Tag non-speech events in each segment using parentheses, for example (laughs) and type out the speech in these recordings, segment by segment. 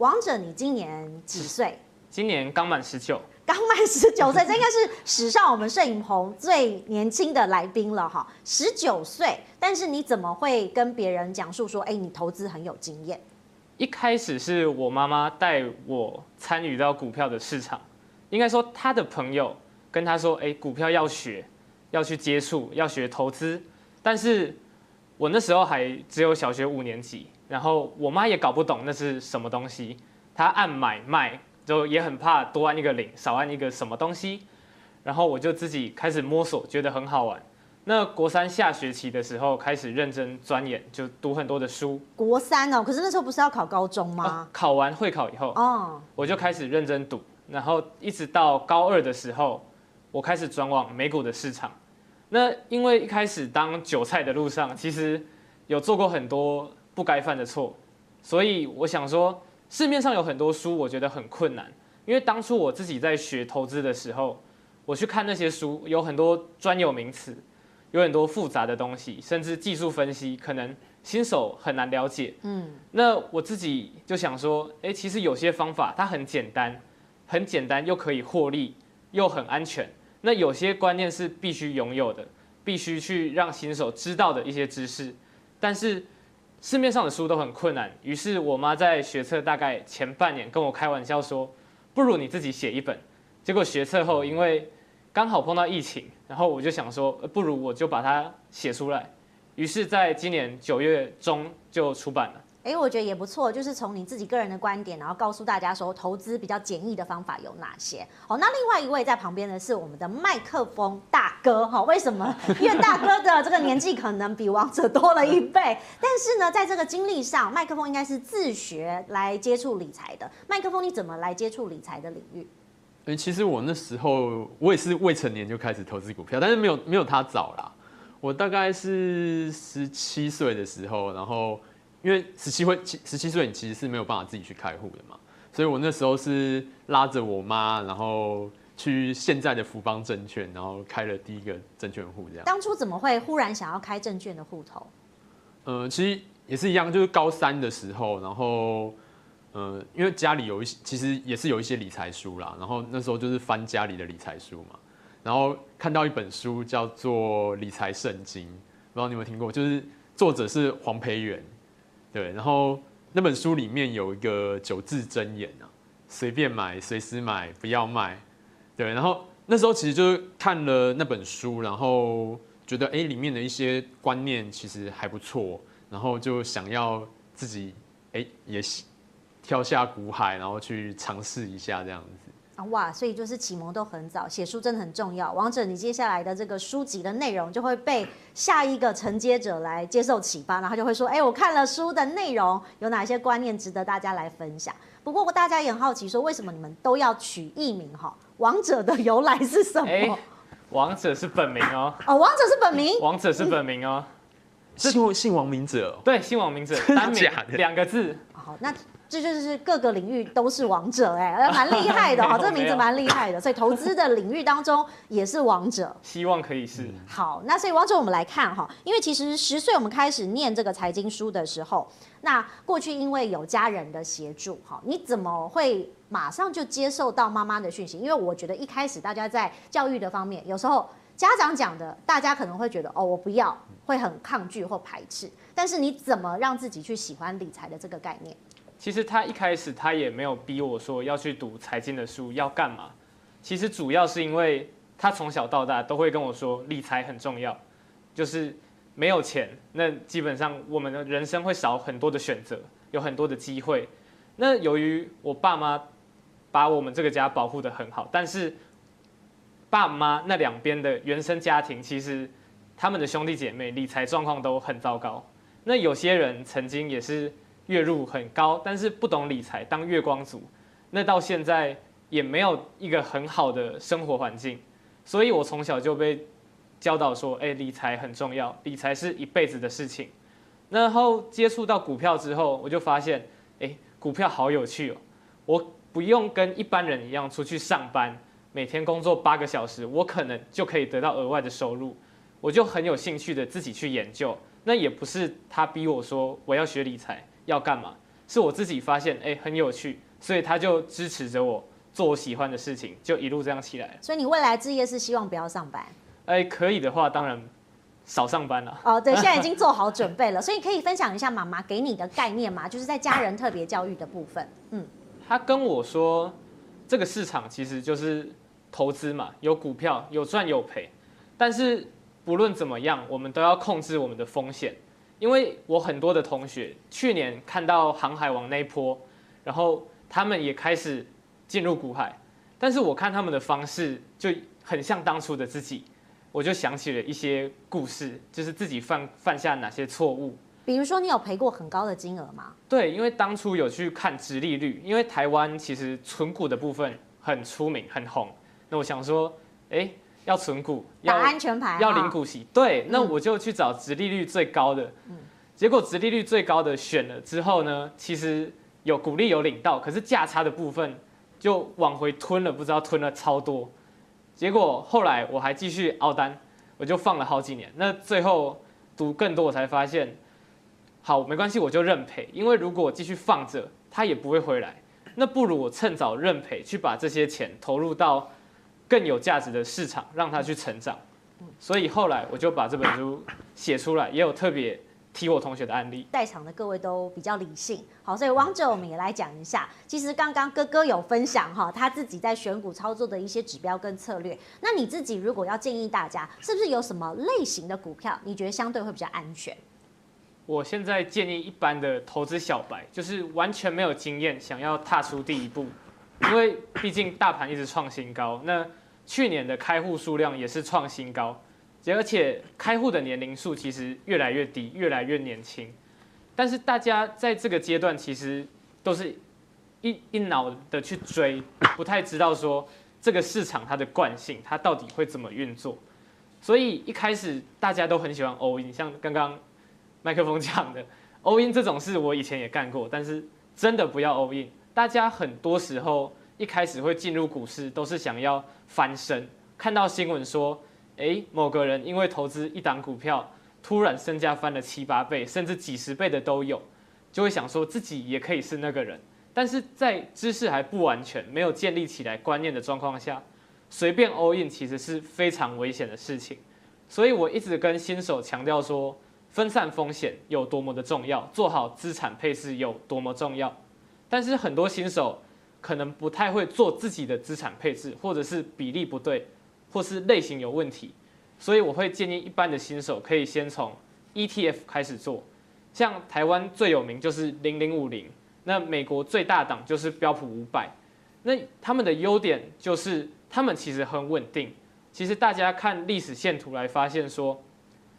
王者，你今年幾歲？今年剛滿十九，剛滿十九歲，這應該是史上我們攝影棚最年輕的來賓了哈。十九歲，但是你怎麼會跟別人講述說，哎、欸，你投資很有經驗？一開始是我媽媽帶我參與到股票的市場，應該說她的朋友跟她說，哎、欸，股票要學，要去接觸，要學投資。但是我那時候還只有小學五年級。然後我媽也搞不懂那是什麼東西，她按買賣就也很怕多按一個零，少按一個什麼東西。然後我就自己開始摸索，覺得很好玩。那國三下學期的時候開始認真鑽研，就讀很多的書。國三哦，可是那時候不是要考高中嗎？啊，考完會考以後，哦，我就開始認真讀。然後一直到高二的時候，我開始轉往美股的市場。那因為一開始當韭菜的路上，其實有做過很多。不該犯的錯，所以我想說，市面上有很多書，我覺得很困難，因為當初我自己在學投資的時候，我去看那些書，有很多專有名詞，有很多複雜的東西，甚至技術分析，可能新手很難了解。嗯，那我自己就想說，誒，其實有些方法它很簡單，很簡單又可以獲利，又很安全。那有些觀念是必須擁有的，必須去讓新手知道的一些知識，但是。市面上的書都很困難，於是我媽在學測大概前半年跟我開玩笑說：“不如你自己寫一本。”結果學測後，因為剛好碰到疫情，然後我就想說：“不如我就把它寫出來。”於是，在今年九月中就出版了。哎，我覺得也不錯。就是從你自己個人的觀點，然後告訴大家說，投資比較簡易的方法有哪些？好、哦，那另外一位在旁邊的是我們的麥克風大哥，哈、哦，為什麼？因為大哥的這個年紀可能比王者多了一倍， (laughs) 但是呢，在這個經歷上，麥克風應該是自學來接觸理財的。麥克風，你怎麼來接觸理財的領域？哎，其實我那時候我也是未成年就開始投資股票，但是沒有沒有他早啦。我大概是十七歲的時候，然後。因為十七歲，其實十七歲，你其實是沒有辦法自己去開戶的嘛，所以我那時候是拉着我媽，然後去現在的福邦證券，然後開了第一個證券戶，這樣。當初怎麼會忽然想要開證券的戶頭？嗯，其實也是一樣，就是高三的時候，然後，嗯，因為家裡有一些，其實也是有一些理財書啦，然後那時候就是翻家裡的理財書嘛，然後看到一本書叫做《理財聖經》，不知道你們有沒有聽過，就是作者是黃培源。對，然後那本書裡面有一個九字真言啊，隨便買，隨時買，不要賣。對，然後那時候其實就是看了那本書，然後覺得誒裡面的一些觀念其實還不錯，然後就想要自己哎也跳下股海，然後去嘗試一下這樣子。啊、哇，所以就是啟蒙都很早，寫書真的很重要。王者，你接下來的這個書籍的內容就會被下一個承接者來接受啟發，然後就會說：“哎、欸，我看了書的內容，有哪些觀念值得大家來分享？”不過大家也很好奇，說為什麼你們都要取藝名？哈，王者的由來是什麼、欸？王者是本名哦。哦，王者是本名，哦、王者是本名哦。嗯、姓姓王名者、哦、對，姓王名者，單名兩 (laughs) 個字。好，那。這就是各個領域都是王者哎、欸，蠻厲害的哈， (laughs) 這個名字蠻厲害的，所以投資的領域當中也是王者。希望可以是、嗯、好，那所以王者我們來看哈，因為其實十歲我們開始念這個財經書的時候，那過去因為有家人的協助哈，你怎麼會馬上就接受到媽媽的訊息？因為我覺得一開始大家在教育的方面，有時候家長講的，大家可能會覺得哦，我不要，會很抗拒或排斥。但是你怎麼讓自己去喜歡理財的這個概念？其實他一開始他也沒有逼我說要去讀財經的書要幹嘛，其實主要是因為他從小到大都會跟我說理財很重要，就是沒有錢，那基本上我們的人生會少很多的選擇，有很多的機會。那由於我爸媽把我們這個家保護得很好，但是爸媽那兩邊的原生家庭，其實他們的兄弟姐妹理財狀況都很糟糕。那有些人曾經也是。月入很高，但是不懂理財，當月光族，那到現在也沒有一個很好的生活環境。所以，我從小就被教導說：“欸，理財很重要，理財是一輩子的事情。”然後接觸到股票之後，我就發現，欸，股票好有趣哦！我不用跟一般人一樣出去上班，每天工作八個小時，我可能就可以得到額外的收入。我就很有興趣的自己去研究。那也不是他逼我說我要學理財。要幹嘛？是我自己發現，誒、欸，很有趣，所以他就支持着我做我喜歡的事情，就一路這樣起來了。所以你未來職業是希望不要上班？哎、欸，可以的話，當然少上班了、啊。哦，對，現在已經做好準備了。 (laughs) 所以你可以分享一下媽媽給你的概念嗎？就是在家人特別教育的部分。嗯，他跟我說，這個市場其實就是投資嘛，有股票，有賺有賠，但是不論怎麼樣，我們都要控制我們的風險。因為我很多的同學去年看到航海王那一波，然後他們也開始進入股海，但是我看他們的方式就很像當初的自己，我就想起了一些故事，就是自己犯犯下哪些錯誤。比如說，你有賠過很高的金額嗎？對，因為當初有去看殖利率，因為台灣其實存股的部分很出名，很紅。那我想說，誒、欸……要存股，打安全牌，啊，要領股息。對，那我就去找殖利率最高的。嗯、結果殖利率最高的選了之後呢，其實有股利、有領到，可是價差的部分就往回吞了，不知道吞了超多。結果後來我還繼續凹單，我就放了好幾年。那最後讀更多，我才發現，好，沒關係，我就認賠。因為如果我繼續放着，他也不會回來。那不如我趁早認賠，去把這些錢投入到。更有價值的市場，讓他去成長。所以後來我就把這本書寫出來，也有特別提我同學的案例。在場的各位都比較理性。好，所以王者我們也來講一下。其實剛剛哥哥有分享哈，他自己在選股操作的一些指標跟策略。那你自己如果要建議大家，是不是有什麼類型的股票，你覺得相對會比較安全？我現在建議一般的投資小白，就是完全沒有經驗，想要踏出第一步，因為畢竟大盤一直創新高，那。去年的開戶數量也是創新高，而且開戶的年齡數其實越來越低，越來越年輕。但是大家在這個階段其實都是一一腦的去追，不太知道說這個市場它的慣性，它到底會怎麼運作。所以一開始大家都很喜歡歐印，像剛剛麥克風講的歐印這種事我以前也幹過，但是真的不要歐印，大家很多時候。一開始會進入股市，都是想要翻身。看到新聞說，誒、欸，某個人因為投資一檔股票，突然身價翻了七八倍，甚至幾十倍的都有，就會想說自己也可以是那個人。但是在知識還不完全、沒有建立起來觀念的狀況下，隨便 all in 其實是非常危險的事情。所以我一直跟新手強調說，分散風險有多麼的重要，做好資產配置有多麼重要。但是很多新手。可能不太會做自己的資產配置，或者是比例不對，或是類型有問題，所以我會建議一般的新手可以先從 ETF 開始做，像台灣最有名就是零零五零，那美國最大檔就是標普五百，那他們的優點就是他們其實很穩定，其實大家看歷史線圖來發現說，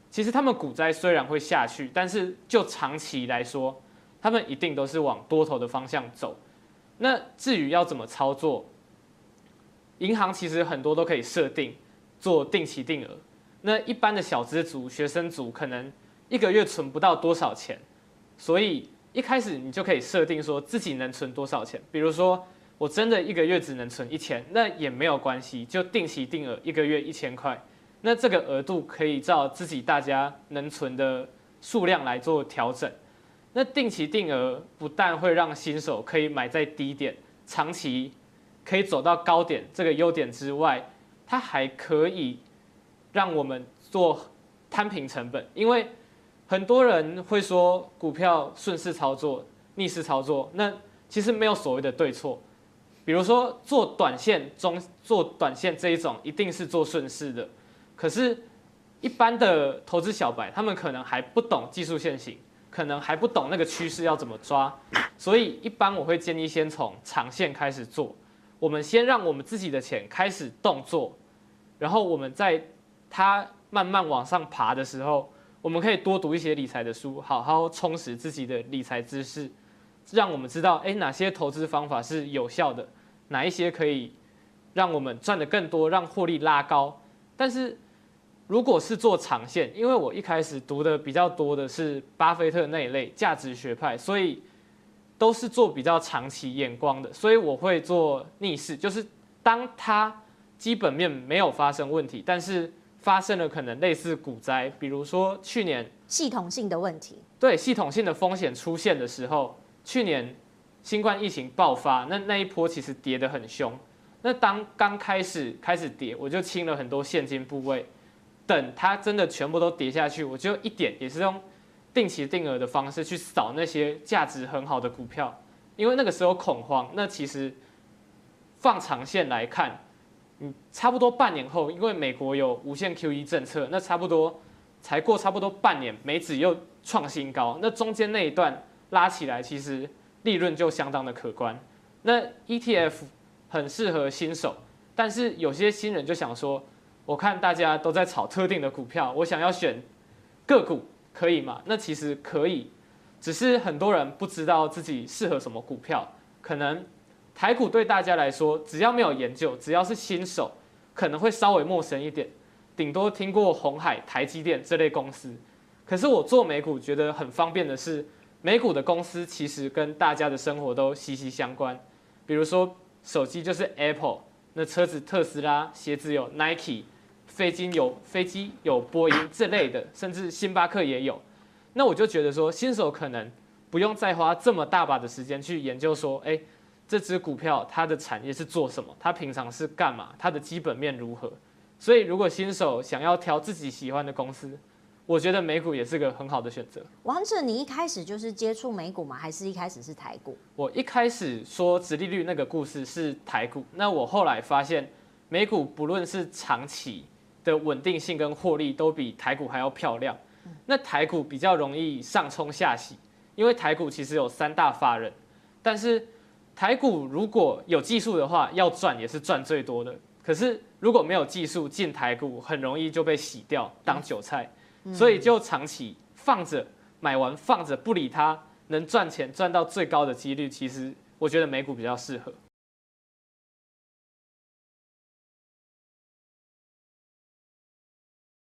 其實他們股災雖然會下去，但是就長期來說，他們一定都是往多頭的方向走。那至於要怎麼操作，銀行其實很多都可以設定做定期定額。那一般的小資族、學生族可能一個月存不到多少錢，所以一開始你就可以設定說自己能存多少錢。比如說，我真的一個月只能存一千，那也沒有關係，就定期定額一個月一千塊。那這個額度可以照自己大家能存的數量來做調整。那定期定額不但會讓新手可以買在低點，長期可以走到高點這個優點之外，它還可以讓我們做攤平成本。因為很多人會說股票順勢操作、逆勢操作，那其實沒有所謂的對錯。比如說做短線中做短線這一種，一定是做順勢的。可是，一般的投資小白，他們可能還不懂技術線型。可能還不懂那個趨勢要怎麼抓，所以一般我會建議先從長線開始做。我們先讓我們自己的錢開始動作，然後我們在它慢慢往上爬的時候，我們可以多讀一些理財的書，好好充實自己的理財知識，讓我們知道誒、哎、哪些投資方法是有效的，哪一些可以讓我們賺得更多，讓獲利拉高。但是。如果是做長線，因為我一開始讀的比較多的是巴菲特那一類價值學派，所以都是做比較長期眼光的。所以我會做逆勢，就是當它基本面沒有發生問題，但是發生了可能類似股災，比如說去年系統性的問題，對，系統性的風險出現的時候，去年新冠疫情爆發，那那一波其實跌得很兇。那當剛開始開始跌，我就清了很多現金部位。等它真的全部都跌下去，我就一點也是用定期定額的方式去掃那些價值很好的股票，因為那個時候恐慌。那其實放長線來看，嗯，差不多半年後，因為美國有無限 QE 政策，那差不多才過差不多半年，美指又創新高，那中間那一段拉起來，其實利潤就相當的可觀。那 ETF 很適合新手，但是有些新人就想說。我看大家都在炒特定的股票，我想要選個股，可以嗎？那其實可以，只是很多人不知道自己適合什麼股票。可能台股對大家來說，只要沒有研究，只要是新手，可能會稍微陌生一點，頂多聽過鴻海、台積電這類公司。可是我做美股，覺得很方便的是，美股的公司其實跟大家的生活都息息相關。比如說手機就是 Apple，那車子特斯拉，鞋子有 Nike。飛機有飛機有波音這類的，甚至星巴克也有。那我就覺得說，新手可能不用再花這麼大把的時間去研究說，哎、欸，這支股票它的產業是做什麼，它平常是幹嘛，它的基本面如何。所以如果新手想要挑自己喜歡的公司，我覺得美股也是個很好的選擇。王者，你一開始就是接觸美股嗎？還是一開始是台股？我一開始說殖利率那個故事是台股，那我後來發現美股不論是長期。的穩定性跟獲利都比台股還要漂亮，那台股比較容易上沖下洗，因為台股其實有三大法人，但是台股如果有技術的話，要賺也是賺最多的。可是如果沒有技術進台股，很容易就被洗掉當韭菜，所以就長期放着，買完放着不理它，能賺錢賺到最高的幾率，其實我覺得美股比較適合。